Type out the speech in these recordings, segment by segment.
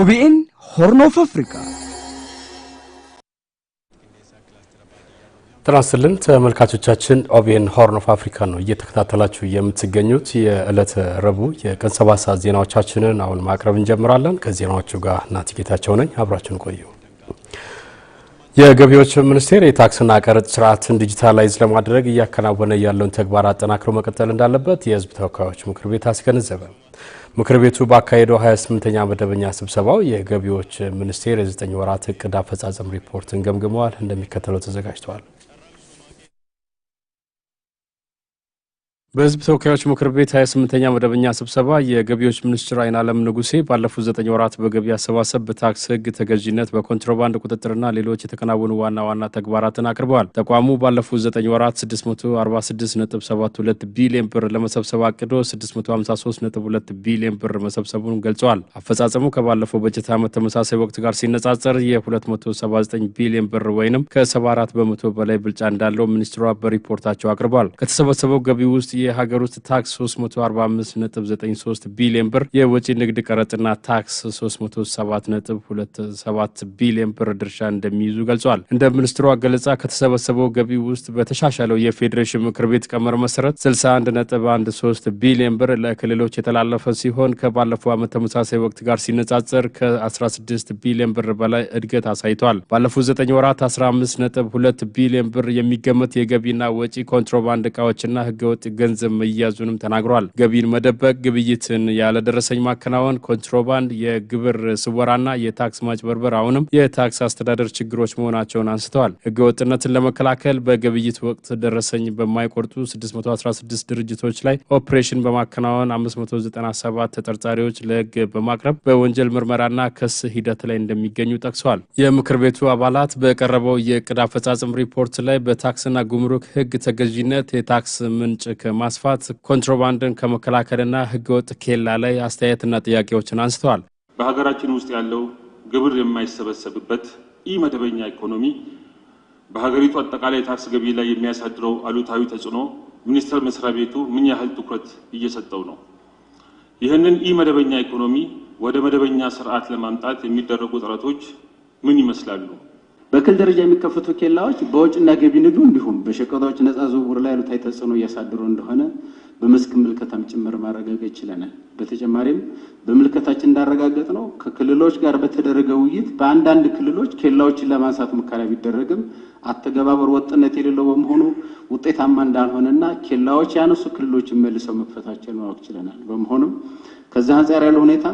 ኦቢኤን ሆርን ኦፍ አፍሪካ ጥናስልን ተመልካቾቻችን ኦቢኤን ሆርን ኦፍ አፍሪካ ነው እየተከታተላችሁ የምትገኙት። የዕለተ ረቡዕ የቀን ሰባት ሰዓት ዜናዎቻችንን አሁን ማቅረብ እንጀምራለን። ከዜናዎቹ ጋር ጌታቸው ነኝ። አብራችን ቆዩ። የገቢዎች ሚኒስቴር የታክስና ቀረጥ ስርዓትን ዲጂታላይዝ ለማድረግ እያከናወነ ያለውን ተግባር አጠናክሮ መቀጠል እንዳለበት የሕዝብ ተወካዮች ምክር ቤት አስገነዘበ። ምክር ቤቱ ባካሄደው 28ኛ መደበኛ ስብሰባው የገቢዎች ሚኒስቴር የ9 ወራት እቅድ አፈጻጸም ሪፖርትን ገምግመዋል። እንደሚከተለው ተዘጋጅተዋል። በህዝብ ተወካዮች ምክር ቤት ሀያ ስምንተኛ መደበኛ ስብሰባ የገቢዎች ሚኒስትር አይን አለም ንጉሴ ባለፉት ዘጠኝ ወራት በገቢ አሰባሰብ በታክስ ህግ ተገዥነት በኮንትሮባንድ ቁጥጥርና ሌሎች የተከናወኑ ዋና ዋና ተግባራትን አቅርበዋል። ተቋሙ ባለፉት ዘጠኝ ወራት 646.72 ቢሊዮን ብር ለመሰብሰብ አቅዶ 653.2 ቢሊዮን ብር መሰብሰቡን ገልጸዋል። አፈጻጸሙ ከባለፈው በጀት ዓመት ተመሳሳይ ወቅት ጋር ሲነጻጸር የ279 ቢሊዮን ብር ወይም ከ74 በመቶ በላይ ብልጫ እንዳለው ሚኒስትሯ በሪፖርታቸው አቅርበዋል። ከተሰበሰበው ገቢ ውስጥ የሀገር ውስጥ ታክስ 345.93 ቢሊዮን ብር፣ የወጪ ንግድ ቀረጥና ታክስ 307.27 ቢሊዮን ብር ድርሻ እንደሚይዙ ገልጿል። እንደ ሚኒስትሯ ገለጻ ከተሰበሰበው ገቢ ውስጥ በተሻሻለው የፌዴሬሽን ምክር ቤት ቀመር መሰረት 61.13 ቢሊዮን ብር ለክልሎች የተላለፈ ሲሆን ከባለፈው ዓመት ተመሳሳይ ወቅት ጋር ሲነጻጸር ከ16 ቢሊዮን ብር በላይ እድገት አሳይቷል። ባለፉት 9 ወራት 15.2 ቢሊዮን ብር የሚገመት የገቢና ወጪ ኮንትሮባንድ እቃዎችና ህገወጥ ገ ገንዘብ መያዙንም ተናግሯል። ገቢን መደበቅ፣ ግብይትን ያለደረሰኝ ማከናወን፣ ኮንትሮባንድ፣ የግብር ስወራና የታክስ ማጭበርበር አሁንም የታክስ አስተዳደር ችግሮች መሆናቸውን አንስተዋል። ህገወጥነትን ለመከላከል በግብይት ወቅት ደረሰኝ በማይቆርጡ 616 ድርጅቶች ላይ ኦፕሬሽን በማከናወን 597 ተጠርጣሪዎች ለህግ በማቅረብ በወንጀል ምርመራና ክስ ሂደት ላይ እንደሚገኙ ጠቅሰዋል። የምክር ቤቱ አባላት በቀረበው የእቅድ አፈጻጸም ሪፖርት ላይ በታክስና ጉምሩክ ህግ ተገዥነት የታክስ ምንጭ ከማ ማስፋት ኮንትሮባንድን ከመከላከልና ህገወጥ ኬላ ላይ አስተያየትና ጥያቄዎችን አንስተዋል። በሀገራችን ውስጥ ያለው ግብር የማይሰበሰብበት ኢ መደበኛ ኢኮኖሚ በሀገሪቱ አጠቃላይ ታክስ ገቢ ላይ የሚያሳድረው አሉታዊ ተጽዕኖ ሚኒስቴር መስሪያ ቤቱ ምን ያህል ትኩረት እየሰጠው ነው? ይህንን ኢ መደበኛ ኢኮኖሚ ወደ መደበኛ ስርዓት ለማምጣት የሚደረጉ ጥረቶች ምን ይመስላሉ? በክልል ደረጃ የሚከፈቱ ኬላዎች በውጭና ገቢ ንግዱ እንዲሁም በሸቀጦች ነፃ ዝውውር ላይ አሉታዊ ተጽዕኖ እያሳደሩ እንደሆነ በመስክ ምልከታም ጭምር ማረጋገጥ ችለናል። በተጨማሪም በምልከታችን እንዳረጋገጥ ነው ከክልሎች ጋር በተደረገ ውይይት በአንዳንድ ክልሎች ኬላዎችን ለማንሳት ሙከራ ቢደረግም አተገባበር ወጥነት የሌለው በመሆኑ ውጤታማ እንዳልሆነና ኬላዎች ያነሱ ክልሎችን መልሰው መክፈታቸውን ማወቅ ችለናል። በመሆኑም ከዚህ አንጻር ያለው ሁኔታ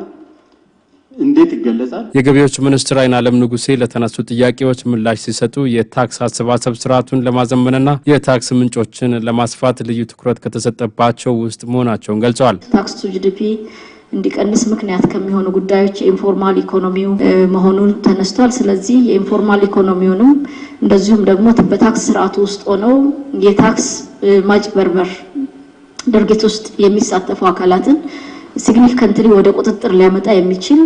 እንዴት ይገለጻል? የገቢዎች ሚኒስትር አይን አለም ንጉሴ ለተነሱ ጥያቄዎች ምላሽ ሲሰጡ የታክስ አሰባሰብ ስርዓቱን ለማዘመንና የታክስ ምንጮችን ለማስፋት ልዩ ትኩረት ከተሰጠባቸው ውስጥ መሆናቸውን ገልጸዋል። ታክስ ቱ ጂዲፒ እንዲቀንስ ምክንያት ከሚሆኑ ጉዳዮች የኢንፎርማል ኢኮኖሚው መሆኑን ተነስቷል። ስለዚህ የኢንፎርማል ኢኮኖሚውንም እንደዚሁም ደግሞ በታክስ ስርዓቱ ውስጥ ሆነው የታክስ ማጭበርበር ድርጊት ውስጥ የሚሳተፉ አካላትን ሲግኒፊካንትሊ ወደ ቁጥጥር ሊያመጣ የሚችል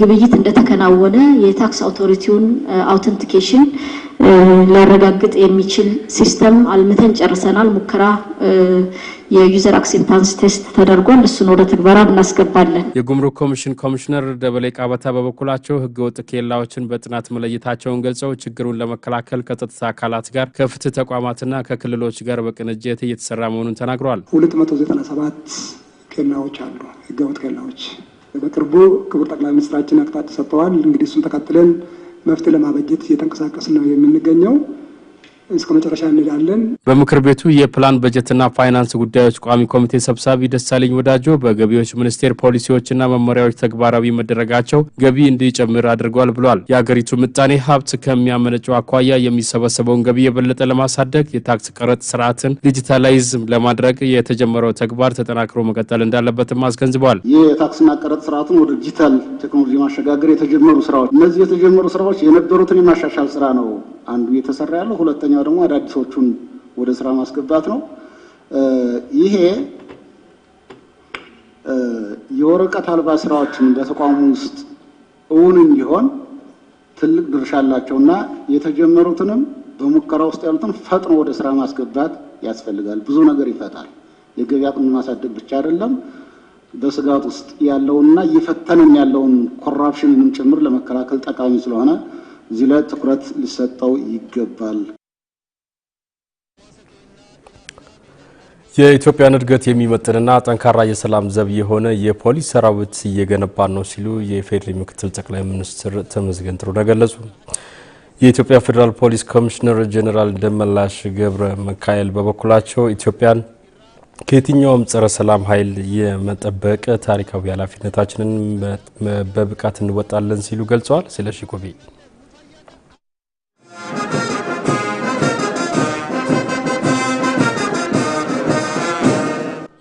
ግብይት እንደተከናወነ የታክስ አውቶሪቲውን አውተንቲኬሽን ሊያረጋግጥ የሚችል ሲስተም አልምተን ጨርሰናል። ሙከራ የዩዘር አክሴፕታንስ ቴስት ተደርጓል። እሱን ወደ ትግበራ እናስገባለን። የጉምሩክ ኮሚሽን ኮሚሽነር ደበሌ ቃበታ በበኩላቸው ህገወጥ ኬላዎችን በጥናት መለየታቸውን ገልጸው ችግሩን ለመከላከል ከጸጥታ አካላት ጋር ከፍትህ ተቋማትና ከክልሎች ጋር በቅንጅት እየተሰራ መሆኑን ተናግረዋል። 297 ኬላዎች አሉ፣ ህገወጥ ኬላዎች። በቅርቡ ክቡር ጠቅላይ ሚኒስትራችን አቅጣጫ ሰጥተዋል። እንግዲህ እሱን ተከትለን መፍትሄ ለማበጀት እየተንቀሳቀስ ነው የምንገኘው። እስከ መጨረሻ እንላለን። በምክር ቤቱ የፕላን በጀትና ፋይናንስ ጉዳዮች ቋሚ ኮሚቴ ሰብሳቢ ደሳለኝ ወዳጆ በገቢዎች ሚኒስቴር ፖሊሲዎችና መመሪያዎች ተግባራዊ መደረጋቸው ገቢ እንዲጨምር አድርጓል ብሏል። የአገሪቱ ምጣኔ ሀብት ከሚያመነጨው አኳያ የሚሰበሰበውን ገቢ የበለጠ ለማሳደግ የታክስ ቀረጥ ስርዓትን ዲጂታላይዝ ለማድረግ የተጀመረው ተግባር ተጠናክሮ መቀጠል እንዳለበትም አስገንዝበዋል። ይህ የታክስና ቀረጥ ስርዓቱን ወደ ዲጂታል ቴክኖሎጂ ማሸጋገር የተጀመሩ ስራዎች እነዚህ የተጀመሩ ስራዎች የነበሩትን የማሻሻል ስራ ነው አንዱ እየተሰራ ያለው፣ ሁለተኛው ደግሞ አዳዲሶቹን ወደ ስራ ማስገባት ነው። ይሄ የወረቀት አልባ ስራዎችን በተቋሙ ውስጥ እውን እንዲሆን ትልቅ ድርሻ አላቸው እና የተጀመሩትንም በሙከራ ውስጥ ያሉትን ፈጥኖ ወደ ስራ ማስገባት ያስፈልጋል። ብዙ ነገር ይፈታል። የገቢ አቅም ማሳደግ ብቻ አይደለም፣ በስጋት ውስጥ ያለውንና እየፈተንን ያለውን ኮራፕሽንንም ጭምር ለመከላከል ጠቃሚ ስለሆነ እዚህ ላይ ትኩረት ሊሰጠው ይገባል። የኢትዮጵያን እድገት የሚመጥንና ጠንካራ የሰላም ዘብ የሆነ የፖሊስ ሰራዊት እየገነባ ነው ሲሉ የፌዴሪ ምክትል ጠቅላይ ሚኒስትር ተመስገን ጥሩነህ ገለጹ። የኢትዮጵያ ፌዴራል ፖሊስ ኮሚሽነር ጀነራል ደመላሽ ገብረ ሚካኤል በበኩላቸው ኢትዮጵያን ከየትኛውም ጸረ ሰላም ኃይል የመጠበቅ ታሪካዊ ኃላፊነታችንን በብቃት እንወጣለን ሲሉ ገልጸዋል። ስለሺ ኮቤ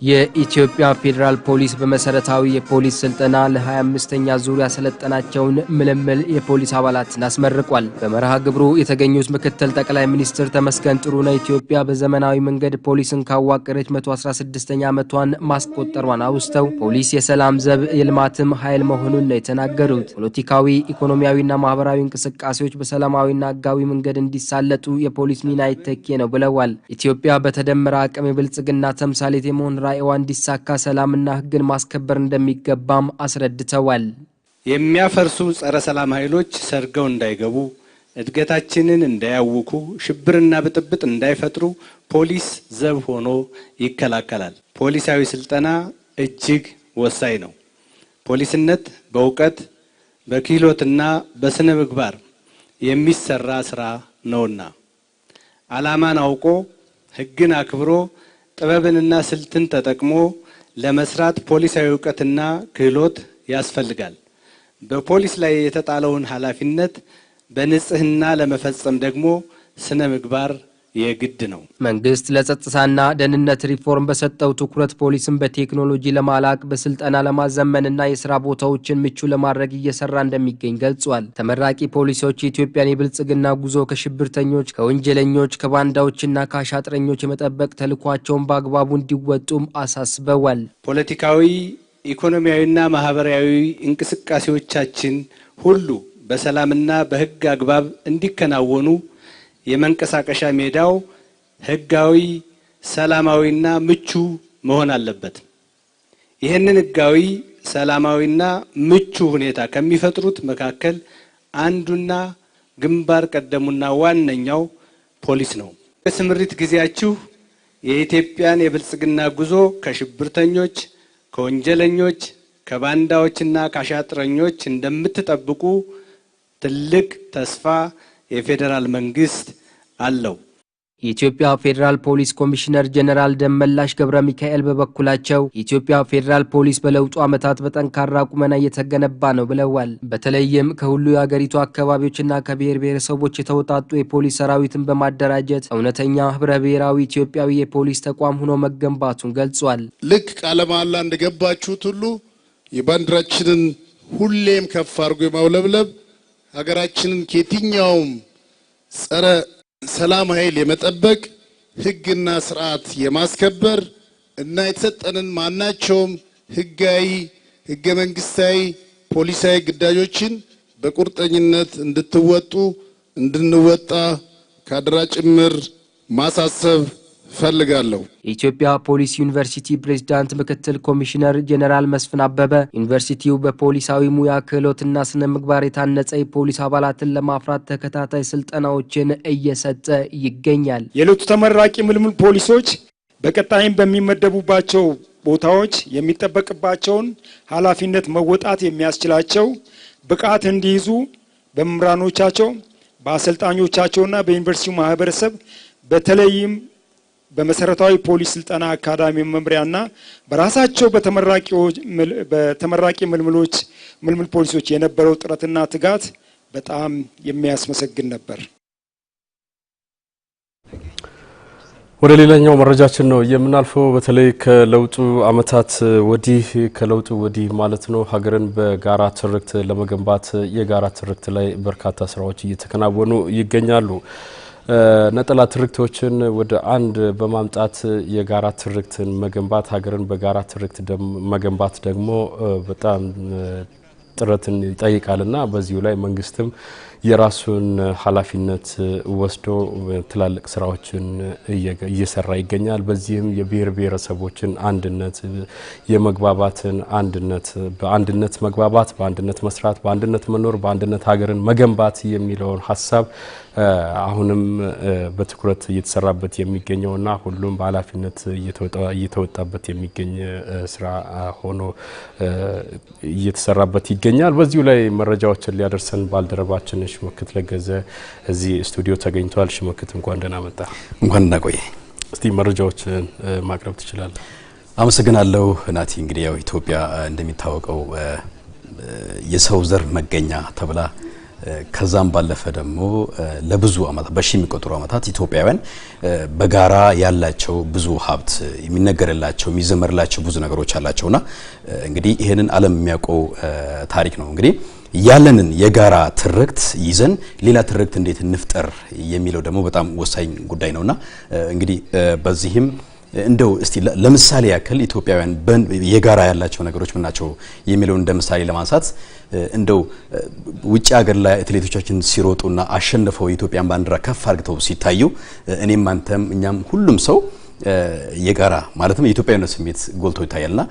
የኢትዮጵያ ፌዴራል ፖሊስ በመሰረታዊ የፖሊስ ስልጠና ለ25ኛ ዙር ያሰለጠናቸውን ምልምል የፖሊስ አባላትን አስመርቋል። በመርሃ ግብሩ የተገኙት ምክትል ጠቅላይ ሚኒስትር ተመስገን ጥሩነህ ኢትዮጵያ በዘመናዊ መንገድ ፖሊስን ካዋቀረች 116ኛ ዓመቷን ማስቆጠሯን አውስተው ፖሊስ የሰላም ዘብ የልማትም ኃይል መሆኑን ነው የተናገሩት። ፖለቲካዊ፣ ኢኮኖሚያዊና ማህበራዊ እንቅስቃሴዎች በሰላማዊና ህጋዊ መንገድ እንዲሳለጡ የፖሊስ ሚና ይተኬ ነው ብለዋል። ኢትዮጵያ በተደመረ አቅም የብልጽግና ተምሳሌት የመሆን ጉባኤዋ እንዲሳካ ሰላምና ሕግን ማስከበር እንደሚገባም አስረድተዋል። የሚያፈርሱ ጸረ ሰላም ኃይሎች ሰርገው እንዳይገቡ፣ እድገታችንን እንዳያውኩ፣ ሽብርና ብጥብጥ እንዳይፈጥሩ ፖሊስ ዘብ ሆኖ ይከላከላል። ፖሊሳዊ ስልጠና እጅግ ወሳኝ ነው። ፖሊስነት በእውቀት በክህሎትና በስነ ምግባር የሚሰራ ስራ ነውና ዓላማን አውቆ ሕግን አክብሮ ጥበብንና ስልትን ተጠቅሞ ለመስራት ፖሊሳዊ እውቀትና ክህሎት ያስፈልጋል። በፖሊስ ላይ የተጣለውን ኃላፊነት በንጽህና ለመፈጸም ደግሞ ስነ ምግባር የግድ ነው። መንግስት ለጸጥታና ደህንነት ሪፎርም በሰጠው ትኩረት ፖሊስን በቴክኖሎጂ ለማላቅ በስልጠና ለማዘመንና የስራ ቦታዎችን ምቹ ለማድረግ እየሰራ እንደሚገኝ ገልጿል። ተመራቂ ፖሊሶች የኢትዮጵያን የብልጽግና ጉዞ ከሽብርተኞች፣ ከወንጀለኞች፣ ከባንዳዎችና ከአሻጥረኞች የመጠበቅ ተልኳቸውን በአግባቡ እንዲወጡም አሳስበዋል። ፖለቲካዊ፣ ኢኮኖሚያዊና ማህበራዊ እንቅስቃሴዎቻችን ሁሉ በሰላምና በህግ አግባብ እንዲከናወኑ የመንቀሳቀሻ ሜዳው ህጋዊ፣ ሰላማዊና ምቹ መሆን አለበት። ይህንን ህጋዊ፣ ሰላማዊና ምቹ ሁኔታ ከሚፈጥሩት መካከል አንዱና ግንባር ቀደሙና ዋነኛው ፖሊስ ነው። በስምሪት ጊዜያችሁ የኢትዮጵያን የብልጽግና ጉዞ ከሽብርተኞች፣ ከወንጀለኞች፣ ከባንዳዎችና ከአሻጥረኞች እንደምትጠብቁ ትልቅ ተስፋ የፌዴራል መንግስት አለው። የኢትዮጵያ ፌዴራል ፖሊስ ኮሚሽነር ጀነራል ደመላሽ ገብረ ሚካኤል በበኩላቸው የኢትዮጵያ ፌዴራል ፖሊስ በለውጡ ዓመታት በጠንካራ ቁመና እየተገነባ ነው ብለዋል። በተለይም ከሁሉ የአገሪቱ አካባቢዎችና ከብሔር ብሔረሰቦች የተውጣጡ የፖሊስ ሰራዊትን በማደራጀት እውነተኛ ህብረ ብሔራዊ ኢትዮጵያዊ የፖሊስ ተቋም ሆኖ መገንባቱን ገልጿል። ልክ ቃለ መሃላ እንደገባችሁት ሁሉ የባንዲራችንን ሁሌም ከፍ አድርጎ የማውለብለብ ሀገራችንን ከየትኛውም ጸረ ሰላም ኃይል የመጠበቅ ህግና ስርዓት የማስከበር እና የተሰጠንን ማናቸውም ህጋዊ ህገ መንግስታዊ ፖሊሳዊ ግዳጆችን በቁርጠኝነት እንድትወጡ እንድንወጣ ካደራ ጭምር ማሳሰብ ፈልጋለሁ። የኢትዮጵያ ፖሊስ ዩኒቨርሲቲ ፕሬዝዳንት ምክትል ኮሚሽነር ጀኔራል መስፍን አበበ ዩኒቨርሲቲው በፖሊሳዊ ሙያ ክህሎትና ስነ ምግባር የታነጸ የፖሊስ አባላትን ለማፍራት ተከታታይ ስልጠናዎችን እየሰጠ ይገኛል። የዕለቱ ተመራቂ ምልምል ፖሊሶች በቀጣይም በሚመደቡባቸው ቦታዎች የሚጠበቅባቸውን ኃላፊነት መወጣት የሚያስችላቸው ብቃት እንዲይዙ በመምህራኖቻቸው በአሰልጣኞቻቸውና በዩኒቨርሲቲው ማህበረሰብ በተለይም በመሰረታዊ ፖሊስ ስልጠና አካዳሚ መምሪያና በራሳቸው በተመራቂ ምልምሎች ምልምል ፖሊሶች የነበረው ጥረትና ትጋት በጣም የሚያስመሰግን ነበር። ወደ ሌላኛው መረጃችን ነው የምናልፈው። በተለይ ከለውጡ አመታት ወዲህ ከለውጡ ወዲህ ማለት ነው ሀገርን በጋራ ትርክት ለመገንባት የጋራ ትርክት ላይ በርካታ ስራዎች እየተከናወኑ ይገኛሉ። ነጠላ ትርክቶችን ወደ አንድ በማምጣት የጋራ ትርክትን መገንባት ሀገርን በጋራ ትርክት መገንባት ደግሞ በጣም ጥረትን ይጠይቃልና በዚሁ ላይ መንግስትም የራሱን ኃላፊነት ወስዶ ትላልቅ ስራዎችን እየሰራ ይገኛል። በዚህም የብሔር ብሔረሰቦችን አንድነት፣ የመግባባትን አንድነት፣ በአንድነት መግባባት፣ በአንድነት መስራት፣ በአንድነት መኖር፣ በአንድነት ሀገርን መገንባት የሚለውን ሀሳብ አሁንም በትኩረት እየተሰራበት የሚገኘውና ሁሉም በኃላፊነት እየተወጣበት የሚገኝ ስራ ሆኖ እየተሰራበት ይገኛል። በዚሁ ላይ መረጃዎችን ሊያደርሰን ባልደረባችን ሽመክት ለገዘ እዚህ ስቱዲዮ ተገኝቷል። ሽመክት እንኳን ደህና መጣ። እንኳን ደህና ቆየ። እስቲ መረጃዎችን ማቅረብ ትችላለ። አመሰግናለሁ ናቲ። እንግዲህ ያው ኢትዮጵያ እንደሚታወቀው የሰው ዘር መገኛ ተብላ ከዛም ባለፈ ደግሞ ለብዙ አመታት በሺ የሚቆጠሩ አመታት ኢትዮጵያውያን በጋራ ያላቸው ብዙ ሀብት የሚነገርላቸው የሚዘመርላቸው ብዙ ነገሮች አላቸውና እንግዲህ ይህንን ዓለም የሚያውቀው ታሪክ ነው። እንግዲህ ያለንን የጋራ ትርክት ይዘን ሌላ ትርክት እንዴት እንፍጠር የሚለው ደግሞ በጣም ወሳኝ ጉዳይ ነውና እንግዲህ በዚህም እንደው እስቲ ለምሳሌ ያክል ኢትዮጵያውያን የጋራ ያላቸው ነገሮች ምን ናቸው የሚለውን እንደ ምሳሌ ለማንሳት እንደው ውጭ ሀገር ላይ አትሌቶቻችን ሲሮጡና አሸንፈው የኢትዮጵያን ባንዲራ ከፍ አድርገው ሲታዩ እኔም አንተም እኛም ሁሉም ሰው የጋራ ማለትም የኢትዮጵያዊነት ስሜት ጎልቶ ይታያልና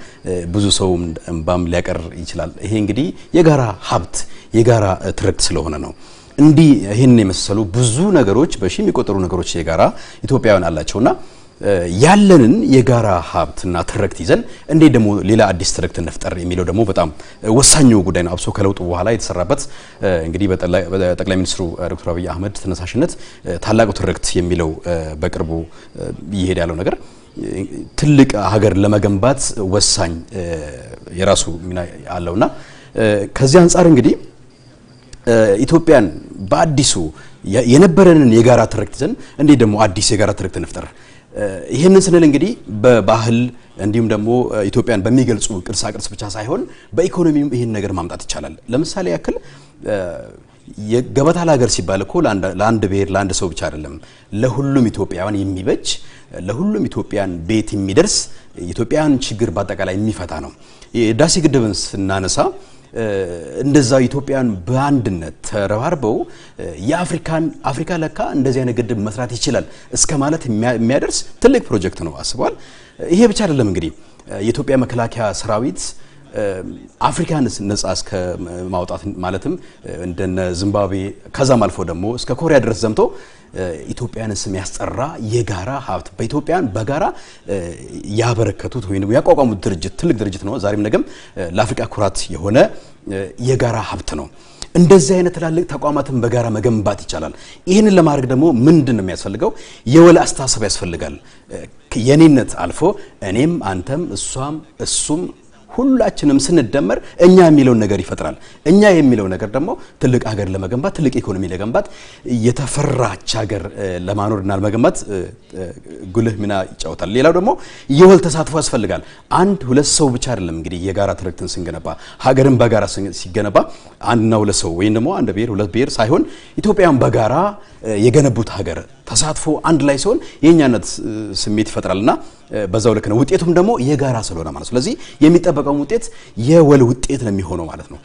ብዙ ሰው እንባም ሊያቀር ይችላል። ይሄ እንግዲህ የጋራ ሀብት የጋራ ትርክት ስለሆነ ነው። እንዲህ ይህን የመሰሉ ብዙ ነገሮች በሺ የሚቆጠሩ ነገሮች የጋራ ኢትዮጵያውያን አላቸውና ያለንን የጋራ ሀብትና ትርክት ይዘን እንዴት ደግሞ ሌላ አዲስ ትርክት እንፍጠር የሚለው ደግሞ በጣም ወሳኙ ጉዳይ ነው። አብሶ ከለውጡ በኋላ የተሰራበት እንግዲህ በጠቅላይ ሚኒስትሩ ዶክተር አብይ አህመድ ተነሳሽነት ታላቁ ትርክት የሚለው በቅርቡ እየሄደ ያለው ነገር ትልቅ ሀገር ለመገንባት ወሳኝ የራሱ ሚና አለውና ከዚህ አንጻር እንግዲህ ኢትዮጵያን በአዲሱ የነበረንን የጋራ ትርክት ይዘን እንዴት ደግሞ አዲስ የጋራ ትርክት እንፍጠር ይህንን ስንል እንግዲህ በባህል እንዲሁም ደግሞ ኢትዮጵያን በሚገልጹ ቅርሳ ቅርስ ብቻ ሳይሆን በኢኮኖሚም ይህን ነገር ማምጣት ይቻላል። ለምሳሌ ያክል የገበታ ለሀገር ሲባል እኮ ለአንድ ብሔር ለአንድ ሰው ብቻ አይደለም፣ ለሁሉም ኢትዮጵያውያን የሚበጅ ለሁሉም ኢትዮጵያን ቤት የሚደርስ ኢትዮጵያን ችግር በአጠቃላይ የሚፈታ ነው። የህዳሴ ግድብን ስናነሳ እንደዛ ኢትዮጵያን በአንድነት ተረባርበው የአፍሪካን አፍሪካ ለካ እንደዚህ አይነት ግድብ መስራት ይችላል እስከ ማለት የሚያደርስ ትልቅ ፕሮጀክት ነው አስቧል። ይሄ ብቻ አይደለም እንግዲህ የኢትዮጵያ መከላከያ ሰራዊት አፍሪካንስ ነጻ እስከ ማውጣት ማለትም እንደነ ዚምባብዌ ከዛም አልፎ ደግሞ እስከ ኮሪያ ድረስ ዘምቶ ኢትዮጵያን ስም ያስጠራ የጋራ ሀብት በኢትዮጵያን በጋራ ያበረከቱት ወይም ያቋቋሙት ድርጅት ትልቅ ድርጅት ነው። ዛሬም ነገም ለአፍሪካ ኩራት የሆነ የጋራ ሀብት ነው። እንደዚህ አይነት ትላልቅ ተቋማትን በጋራ መገንባት ይቻላል። ይህንን ለማድረግ ደግሞ ምንድን ነው የሚያስፈልገው? የወል አስተሳሰብ ያስፈልጋል። የኔነት አልፎ እኔም፣ አንተም፣ እሷም፣ እሱም ሁላችንም ስንደመር እኛ የሚለውን ነገር ይፈጥራል። እኛ የሚለው ነገር ደግሞ ትልቅ ሀገር ለመገንባት ትልቅ ኢኮኖሚ ለመገንባት የተፈራች ሀገር ለማኖርና ለመገንባት ጉልህ ሚና ይጫወታል። ሌላው ደግሞ የወል ተሳትፎ ያስፈልጋል። አንድ ሁለት ሰው ብቻ አይደለም እንግዲህ የጋራ ትርክትን ስንገነባ ሀገርን በጋራ ሲገነባ አንድና ሁለት ሰው ወይም ደግሞ አንድ ብሔር ሁለት ብሔር ሳይሆን ኢትዮጵያን በጋራ የገነቡት ሀገር ተሳትፎ አንድ ላይ ሲሆን የእኛነት ስሜት ይፈጥራልና በዛው ልክ ነው። ውጤቱም ደግሞ የጋራ ስለሆነ ማለት ስለዚህ የሚጠበቀው ውጤት የወል ውጤት ነው የሚሆነው ማለት ነው።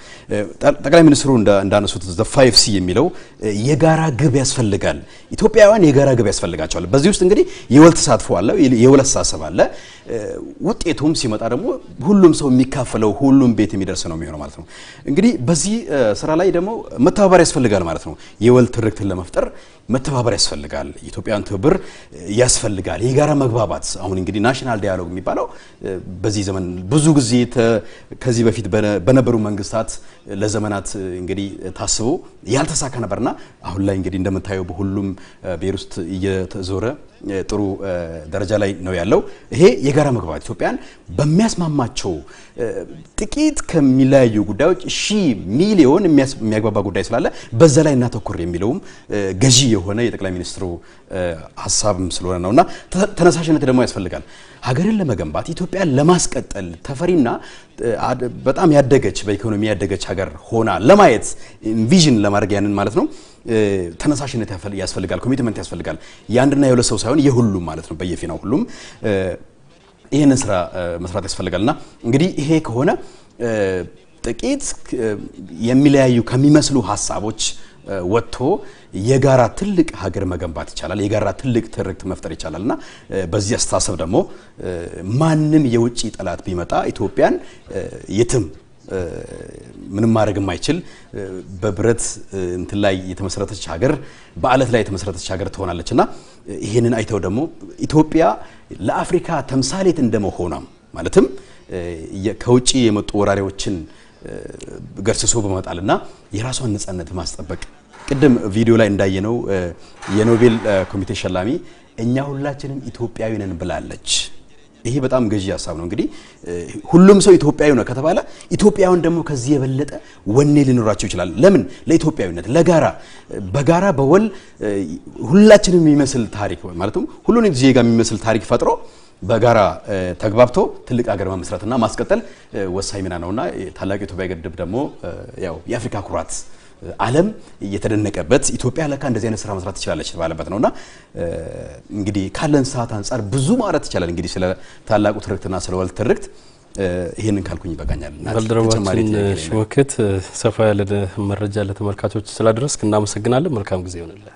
ጠቅላይ ሚኒስትሩ እንዳነሱት ዘ ፋይቭ ሲ የሚለው የጋራ ግብ ያስፈልጋል። ኢትዮጵያውያን የጋራ ግብ ያስፈልጋቸዋል። በዚህ ውስጥ እንግዲህ የወል ተሳትፎ አለ፣ የወል አስተሳሰብ አለ። ውጤቱም ሲመጣ ደግሞ ሁሉም ሰው የሚካፈለው ሁሉም ቤት የሚደርስ ነው የሚሆነው ማለት ነው። እንግዲህ በዚህ ስራ ላይ ደግሞ መተባበር ያስፈልጋል ማለት ነው የወል ትርክትን ለመፍጠር መተባበር ያስፈልጋል። ኢትዮጵያን ትብብር ያስፈልጋል። የጋራ መግባባት አሁን እንግዲህ ናሽናል ዳያሎግ የሚባለው በዚህ ዘመን ብዙ ጊዜ ከዚህ በፊት በነበሩ መንግስታት ለዘመናት እንግዲህ ታስቦ ያልተሳካ ነበርና አሁን ላይ እንግዲህ እንደምታየው በሁሉም ብሔር ውስጥ እየተዞረ ጥሩ ደረጃ ላይ ነው ያለው። ይሄ የጋራ መግባባት ኢትዮጵያን በሚያስማማቸው ጥቂት ከሚለያዩ ጉዳዮች ሺ ሚሊዮን የሚያግባባ ጉዳይ ስላለ በዛ ላይ እናተኩር የሚለውም ገዢ የሆነ የጠቅላይ ሚኒስትሩ ሀሳብም ስለሆነ ነው እና ተነሳሽነት ደግሞ ያስፈልጋል። ሀገርን ለመገንባት ኢትዮጵያን ለማስቀጠል ተፈሪና በጣም ያደገች በኢኮኖሚ ያደገች ሀገር ሆና ለማየት ቪዥን ለማድረግ ያንን ማለት ነው ተነሳሽነት ያስፈልጋል፣ ኮሚትመንት ያስፈልጋል። የአንድና የሁለት ሰው ሳይሆን የሁሉም ማለት ነው በየፊናው ሁሉም ይህንን ስራ መስራት ያስፈልጋል እና እንግዲህ ይሄ ከሆነ ጥቂት የሚለያዩ ከሚመስሉ ሀሳቦች ወጥቶ የጋራ ትልቅ ሀገር መገንባት ይቻላል። የጋራ ትልቅ ትርክት መፍጠር ይቻላል እና በዚህ አስተሳሰብ ደግሞ ማንም የውጭ ጠላት ቢመጣ ኢትዮጵያን የትም ምንም ማድረግ የማይችል በብረት እንትን ላይ የተመሰረተች ሀገር በአለት ላይ የተመሰረተች ሀገር ትሆናለች እና ይህንን አይተው ደግሞ ኢትዮጵያ ለአፍሪካ ተምሳሌት እንደመሆኗም ማለትም ከውጭ የመጡ ወራሪዎችን ገርስሶ በመጣልና የራሷን ነጻነት በማስጠበቅ ቅድም ቪዲዮ ላይ እንዳየነው የኖቤል ኮሚቴ ሸላሚ እኛ ሁላችንም ኢትዮጵያዊ ነን ብላለች። ይሄ በጣም ገዢ ሀሳብ ነው። እንግዲህ ሁሉም ሰው ኢትዮጵያዊ ነው ከተባለ ኢትዮጵያውያን ደግሞ ከዚህ የበለጠ ወኔ ሊኖራቸው ይችላል። ለምን? ለኢትዮጵያዊነት፣ ለጋራ በጋራ በወል ሁላችንም የሚመስል ታሪክ ማለትም ሁሉንም ዜጋ የሚመስል ታሪክ ፈጥሮ በጋራ ተግባብቶ ትልቅ ሀገር መመስረትና ማስቀጠል ወሳኝ ሚና ነውና ታላቅ የኢትዮጵያ ግድብ ደግሞ ያው የአፍሪካ ኩራት ዓለም እየተደነቀበት ኢትዮጵያ ለካ እንደዚህ አይነት ስራ መስራት ትችላለች ባለበት ነውና እንግዲህ ካለን ሰዓት አንጻር ብዙ ማለት ይቻላል። እንግዲህ ስለ ታላቁ ትርክትና ስለ ወልድ ትርክት ይህንን ካልኩኝ ይበቃኛል። ባልደረባችን ሽወክት ሰፋ ያለ መረጃ ለተመልካቾች ስላደረስክ እናመሰግናለን። መልካም ጊዜ ይሆንልናል።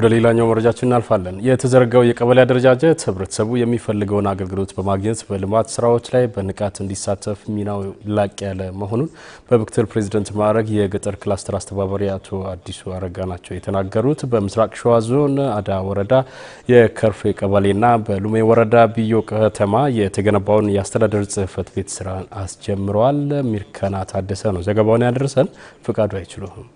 ወደ ሌላኛው መረጃችን እናልፋለን። የተዘረጋው የቀበሌ አደረጃጀት ህብረተሰቡ የሚፈልገውን አገልግሎት በማግኘት በልማት ስራዎች ላይ በንቃት እንዲሳተፍ ሚናው ላቅ ያለ መሆኑን በምክትል ፕሬዚደንት ማዕረግ የገጠር ክላስተር አስተባባሪ አቶ አዲሱ አረጋ ናቸው የተናገሩት። በምስራቅ ሸዋ ዞን አዳ ወረዳ የከርፌ ቀበሌና በሉሜ ወረዳ ብዮ ከተማ የተገነባውን የአስተዳደር ጽህፈት ቤት ስራ አስጀምረዋል። ሚርከና ታደሰ ነው ዘገባውን ያደረሰን። ፍቃዱ አይችሉም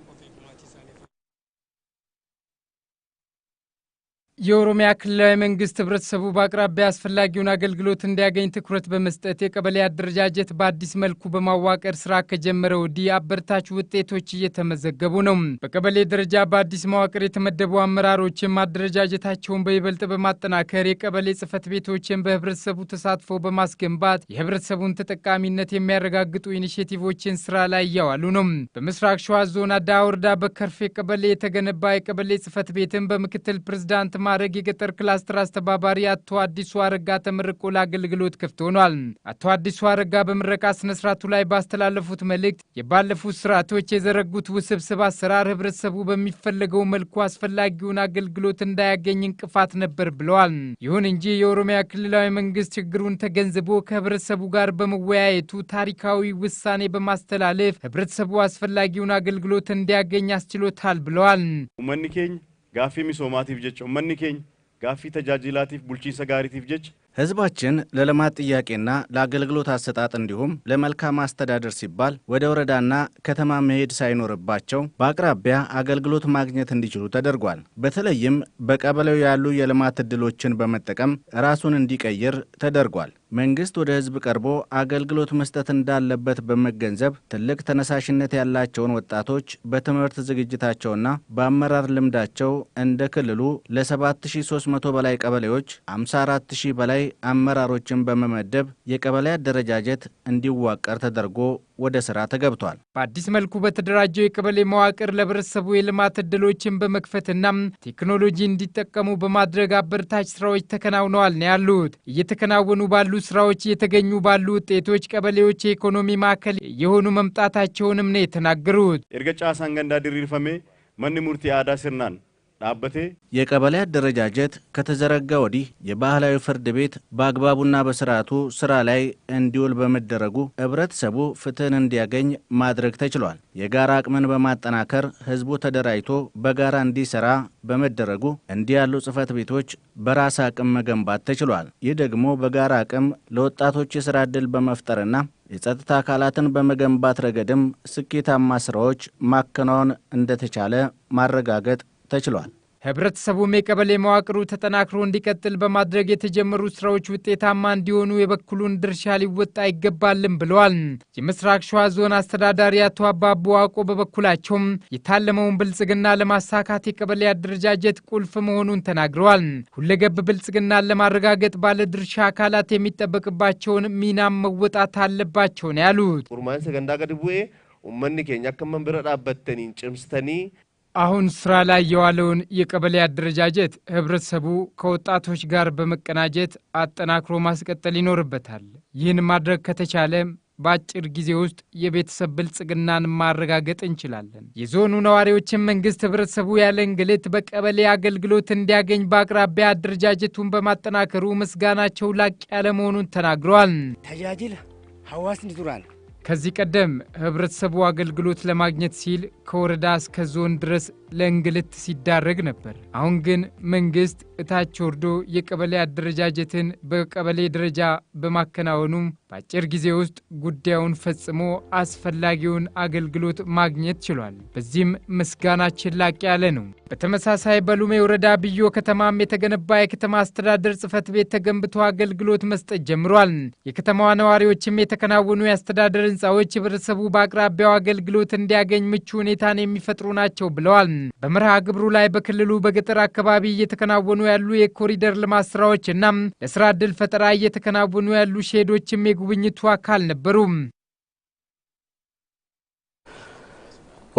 የኦሮሚያ ክልላዊ መንግስት ህብረተሰቡ በአቅራቢያ አስፈላጊውን አገልግሎት እንዲያገኝ ትኩረት በመስጠት የቀበሌ አደረጃጀት በአዲስ መልኩ በማዋቀር ስራ ከጀመረ ወዲህ አበርታች ውጤቶች እየተመዘገቡ ነው። በቀበሌ ደረጃ በአዲስ መዋቅር የተመደቡ አመራሮችም አደረጃጀታቸውን በይበልጥ በማጠናከር የቀበሌ ጽህፈት ቤቶችን በህብረተሰቡ ተሳትፎ በማስገንባት የህብረተሰቡን ተጠቃሚነት የሚያረጋግጡ ኢኒሽቲቮችን ስራ ላይ እያዋሉ ነው። በምስራቅ ሸዋ ዞን አዳ ወረዳ በከርፌ ቀበሌ የተገነባ የቀበሌ ጽህፈት ቤትን በምክትል ፕሬዝዳንት ማዕረግ የገጠር ክላስተር አስተባባሪ አቶ አዲሱ አረጋ ተመርቆ ለአገልግሎት ክፍት ሆኗል። አቶ አዲሱ አረጋ በምረቃ ስነስርዓቱ ላይ ባስተላለፉት መልእክት የባለፉት ስርዓቶች የዘረጉት ውስብስብ አሰራር ህብረተሰቡ በሚፈለገው መልኩ አስፈላጊውን አገልግሎት እንዳያገኝ እንቅፋት ነበር ብለዋል። ይሁን እንጂ የኦሮሚያ ክልላዊ መንግስት ችግሩን ተገንዝቦ ከህብረተሰቡ ጋር በመወያየቱ ታሪካዊ ውሳኔ በማስተላለፍ ህብረተሰቡ አስፈላጊውን አገልግሎት እንዲያገኝ አስችሎታል ብለዋል። gaaffii misoomaatiif ጀች ኦመኒ ኬኝ ጋፊ tajaajilaatiif bulchiinsa gaariitiif ጀች ህዝባችን ለልማት ጥያቄና ለአገልግሎት አሰጣጥ እንዲሁም ለመልካም አስተዳደር ሲባል ወደ ወረዳና ከተማ መሄድ ሳይኖርባቸው በአቅራቢያ አገልግሎት ማግኘት እንዲችሉ ተደርጓል። በተለይም በቀበሌው ያሉ የልማት እድሎችን በመጠቀም ራሱን እንዲቀይር ተደርጓል። መንግስት ወደ ህዝብ ቀርቦ አገልግሎት መስጠት እንዳለበት በመገንዘብ ትልቅ ተነሳሽነት ያላቸውን ወጣቶች በትምህርት ዝግጅታቸውና በአመራር ልምዳቸው እንደ ክልሉ ለ7300 በላይ ቀበሌዎች 54000 በላይ አመራሮችን በመመደብ የቀበሌ አደረጃጀት እንዲዋቀር ተደርጎ ወደ ስራ ተገብቷል። በአዲስ መልኩ በተደራጀው የቀበሌ መዋቅር ለህብረተሰቡ የልማት እድሎችን በመክፈትና ቴክኖሎጂ እንዲጠቀሙ በማድረግ አበርታች ስራዎች ተከናውነዋል ነው ያሉት። እየተከናወኑ ባሉ ስራዎች እየተገኙ ባሉ ውጤቶች ቀበሌዎች የኢኮኖሚ ማዕከል የሆኑ መምጣታቸውንም ነው የተናገሩት። እርገጫ ሳንገንዳ ድሪርፈሜ መኒ ሙርቲ አዳ ስርናን ዳበቴ የቀበሌ አደረጃጀት ከተዘረጋ ወዲህ የባህላዊ ፍርድ ቤት በአግባቡና በስርዓቱ ስራ ላይ እንዲውል በመደረጉ ህብረተሰቡ ፍትህን እንዲያገኝ ማድረግ ተችሏል። የጋራ አቅምን በማጠናከር ህዝቡ ተደራጅቶ በጋራ እንዲሰራ በመደረጉ እንዲህ ያሉ ጽህፈት ቤቶች በራስ አቅም መገንባት ተችሏል። ይህ ደግሞ በጋራ አቅም ለወጣቶች የስራ ዕድል በመፍጠርና የጸጥታ አካላትን በመገንባት ረገድም ስኬታማ ስራዎች ማከናወን እንደተቻለ ማረጋገጥ ተችሏል። ህብረተሰቡም የቀበሌ መዋቅሩ ተጠናክሮ እንዲቀጥል በማድረግ የተጀመሩ ስራዎች ውጤታማ እንዲሆኑ የበኩሉን ድርሻ ሊወጣ አይገባልም ብለዋል። የምስራቅ ሸዋ ዞን አስተዳዳሪ አቶ አባቦ ዋቆ በበኩላቸውም የታለመውን ብልጽግና ለማሳካት የቀበሌ አደረጃጀት ቁልፍ መሆኑን ተናግረዋል። ሁለገብ ብልጽግናን ለማረጋገጥ ባለ ድርሻ አካላት የሚጠበቅባቸውን ሚናም መወጣት አለባቸው ነው ያሉት። ኡርማን ሰገንዳ ገድቡኤ ኡመኒ ኬኛ ከመን ዳበተኒን ጭምስተኒ አሁን ስራ ላይ የዋለውን የቀበሌ አደረጃጀት ህብረተሰቡ ከወጣቶች ጋር በመቀናጀት አጠናክሮ ማስቀጠል ይኖርበታል። ይህን ማድረግ ከተቻለ በአጭር ጊዜ ውስጥ የቤተሰብ ብልጽግናን ማረጋገጥ እንችላለን። የዞኑ ነዋሪዎችን መንግስት ህብረተሰቡ ያለ እንግልት በቀበሌ አገልግሎት እንዲያገኝ በአቅራቢያ አደረጃጀቱን በማጠናከሩ ምስጋናቸው ላቅ ያለ መሆኑን ተናግረዋል። ተጃጅል ሀዋስ ከዚህ ቀደም ህብረተሰቡ አገልግሎት ለማግኘት ሲል ከወረዳ እስከ ዞን ድረስ ለእንግልት ሲዳረግ ነበር። አሁን ግን መንግስት እታች ወርዶ የቀበሌ አደረጃጀትን በቀበሌ ደረጃ በማከናወኑም በአጭር ጊዜ ውስጥ ጉዳዩን ፈጽሞ አስፈላጊውን አገልግሎት ማግኘት ችሏል። በዚህም ምስጋናችን ላቅ ያለ ነው። በተመሳሳይ በሉሜ ወረዳ ብዮ ከተማም የተገነባ የከተማ አስተዳደር ጽሕፈት ቤት ተገንብቶ አገልግሎት መስጠት ጀምሯል። የከተማዋ ነዋሪዎችም የተከናወኑ የአስተዳደር ህንፃዎች ህብረተሰቡ በአቅራቢያው አገልግሎት እንዲያገኝ ምቹ ሁኔታን የሚፈጥሩ ናቸው ብለዋል። በመርሃ ግብሩ ላይ በክልሉ በገጠር አካባቢ እየተከናወኑ ያሉ የኮሪደር ልማት ስራዎች እናም ለስራ ዕድል ፈጠራ እየተከናወኑ ያሉ ሼዶችም የጉብኝቱ አካል ነበሩ።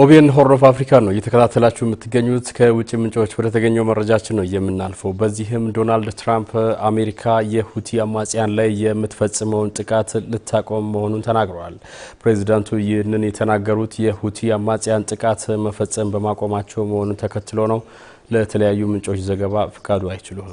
ኦቢኤን ሆርን ኦፍ አፍሪካ ነው እየተከታተላችሁ የምትገኙት። ከውጭ ምንጮች ወደ ተገኘው መረጃችን ነው የምናልፈው። በዚህም ዶናልድ ትራምፕ አሜሪካ የሁቲ አማጽያን ላይ የምትፈጽመውን ጥቃት ልታቆም መሆኑን ተናግረዋል። ፕሬዚዳንቱ ይህንን የተናገሩት የሁቲ አማጽያን ጥቃት መፈጸም በማቆማቸው መሆኑን ተከትሎ ነው። ለተለያዩ ምንጮች ዘገባ ፍቃዱ አይችሉም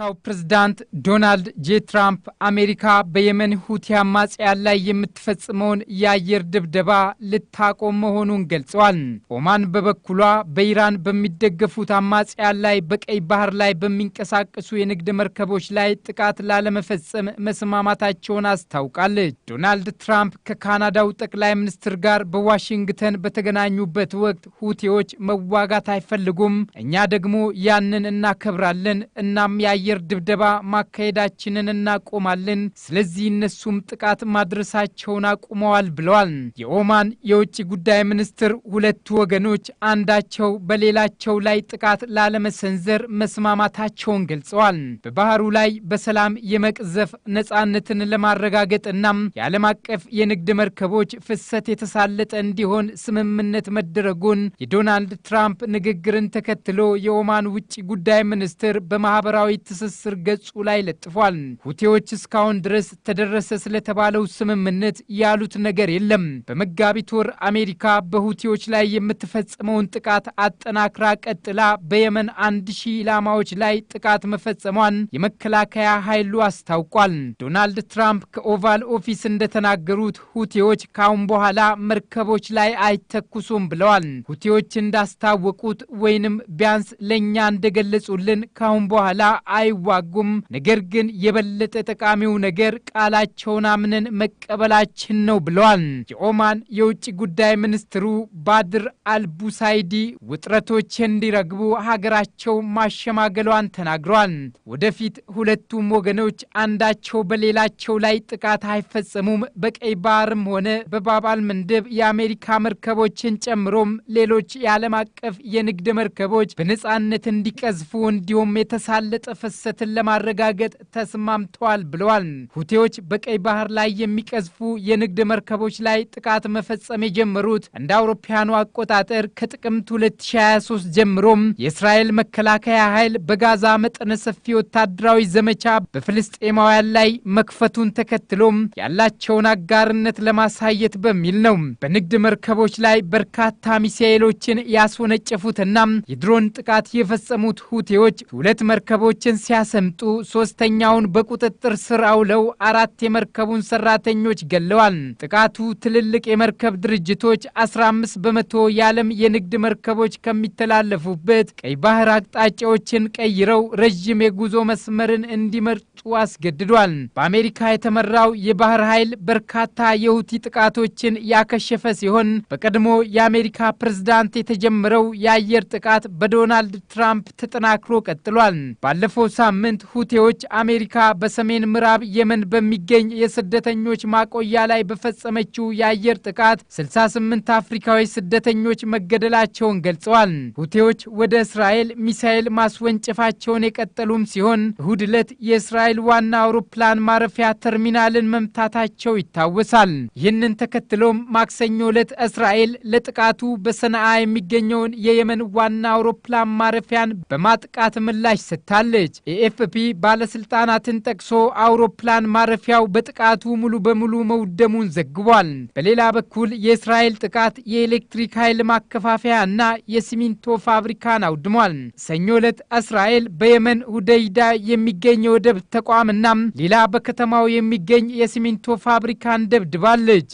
የአሜሪካው ፕሬዝዳንት ዶናልድ ጄ ትራምፕ አሜሪካ በየመን ሁቲ አማጽያን ላይ የምትፈጽመውን የአየር ድብደባ ልታቆም መሆኑን ገልጸዋል። ኦማን በበኩሏ በኢራን በሚደገፉት አማጽያን ላይ በቀይ ባህር ላይ በሚንቀሳቀሱ የንግድ መርከቦች ላይ ጥቃት ላለመፈጸም መስማማታቸውን አስታውቃለች። ዶናልድ ትራምፕ ከካናዳው ጠቅላይ ሚኒስትር ጋር በዋሽንግተን በተገናኙበት ወቅት ሁቲዎች መዋጋት አይፈልጉም፣ እኛ ደግሞ ያንን እናከብራለን እናም ያየ የአየር ድብደባ ማካሄዳችንን እናቆማለን፣ ስለዚህ እነሱም ጥቃት ማድረሳቸውን አቁመዋል ብለዋል። የኦማን የውጭ ጉዳይ ሚኒስትር ሁለቱ ወገኖች አንዳቸው በሌላቸው ላይ ጥቃት ላለመሰንዘር መስማማታቸውን ገልጸዋል። በባህሩ ላይ በሰላም የመቅዘፍ ነፃነትን ለማረጋገጥና የዓለም አቀፍ የንግድ መርከቦች ፍሰት የተሳለጠ እንዲሆን ስምምነት መደረጉን የዶናልድ ትራምፕ ንግግርን ተከትሎ የኦማን ውጭ ጉዳይ ሚኒስትር በማህበራዊ ትስስር ገጹ ላይ ለጥፏል። ሁቴዎች እስካሁን ድረስ ተደረሰ ስለተባለው ስምምነት ያሉት ነገር የለም። በመጋቢት ወር አሜሪካ በሁቴዎች ላይ የምትፈጽመውን ጥቃት አጠናክራ ቀጥላ በየመን አንድ ሺህ ኢላማዎች ላይ ጥቃት መፈጸሟን የመከላከያ ኃይሉ አስታውቋል። ዶናልድ ትራምፕ ከኦቫል ኦፊስ እንደተናገሩት ሁቴዎች ካሁን በኋላ መርከቦች ላይ አይተኩሱም ብለዋል። ሁቴዎች እንዳስታወቁት ወይንም ቢያንስ ለእኛ እንደገለጹልን ካሁን በኋላ አይዋጉም። ነገር ግን የበለጠ ጠቃሚው ነገር ቃላቸውን አምነን መቀበላችን ነው ብለዋል። የኦማን የውጭ ጉዳይ ሚኒስትሩ ባድር አልቡሳይዲ ውጥረቶች እንዲረግቡ ሀገራቸው ማሸማገሏን ተናግሯል። ወደፊት ሁለቱም ወገኖች አንዳቸው በሌላቸው ላይ ጥቃት አይፈጸሙም፣ በቀይ ባህርም ሆነ በባባል ምንድብ የአሜሪካ መርከቦችን ጨምሮም ሌሎች የዓለም አቀፍ የንግድ መርከቦች በነጻነት እንዲቀዝፉ እንዲሁም የተሳለጠ ፍሰትን ለማረጋገጥ ተስማምተዋል ብለዋል። ሁቴዎች በቀይ ባህር ላይ የሚቀዝፉ የንግድ መርከቦች ላይ ጥቃት መፈጸም የጀመሩት እንደ አውሮፓያኑ አቆጣጠር ከጥቅምት 2023 ጀምሮም የእስራኤል መከላከያ ኃይል በጋዛ መጠነ ሰፊ ወታደራዊ ዘመቻ በፍልስጤማውያን ላይ መክፈቱን ተከትሎም ያላቸውን አጋርነት ለማሳየት በሚል ነው። በንግድ መርከቦች ላይ በርካታ ሚሳኤሎችን ያስወነጨፉትና የድሮን ጥቃት የፈጸሙት ሁቴዎች ሁለት መርከቦችን ሲያሰምጡ ሶስተኛውን በቁጥጥር ስር አውለው አራት የመርከቡን ሰራተኞች ገለዋል። ጥቃቱ ትልልቅ የመርከብ ድርጅቶች 15 በመቶ የዓለም የንግድ መርከቦች ከሚተላለፉበት ቀይ ባህር አቅጣጫዎችን ቀይረው ረዥም የጉዞ መስመርን እንዲመርጡ አስገድዷል። በአሜሪካ የተመራው የባህር ኃይል በርካታ የሁቲ ጥቃቶችን ያከሸፈ ሲሆን በቀድሞ የአሜሪካ ፕሬዝዳንት የተጀመረው የአየር ጥቃት በዶናልድ ትራምፕ ተጠናክሮ ቀጥሏል። ባለፈው ሳምንት ሁቴዎች አሜሪካ በሰሜን ምዕራብ የመን በሚገኝ የስደተኞች ማቆያ ላይ በፈጸመችው የአየር ጥቃት 68 አፍሪካዊ ስደተኞች መገደላቸውን ገልጸዋል። ሁቴዎች ወደ እስራኤል ሚሳኤል ማስወንጨፋቸውን የቀጠሉም ሲሆን እሁድ ዕለት የእስራኤል ዋና አውሮፕላን ማረፊያ ተርሚናልን መምታታቸው ይታወሳል። ይህንን ተከትሎም ማክሰኞ ዕለት እስራኤል ለጥቃቱ በሰነአ የሚገኘውን የየመን ዋና አውሮፕላን ማረፊያን በማጥቃት ምላሽ ሰጥታለች። የኤፍፒ ባለስልጣናትን ጠቅሶ አውሮፕላን ማረፊያው በጥቃቱ ሙሉ በሙሉ መውደሙን ዘግቧል። በሌላ በኩል የእስራኤል ጥቃት የኤሌክትሪክ ኃይል ማከፋፈያ እና የሲሚንቶ ፋብሪካን አውድሟል። ሰኞ ዕለት እስራኤል በየመን ሁደይዳ የሚገኝ የወደብ ተቋምና ሌላ በከተማው የሚገኝ የሲሚንቶ ፋብሪካን ደብድባለች።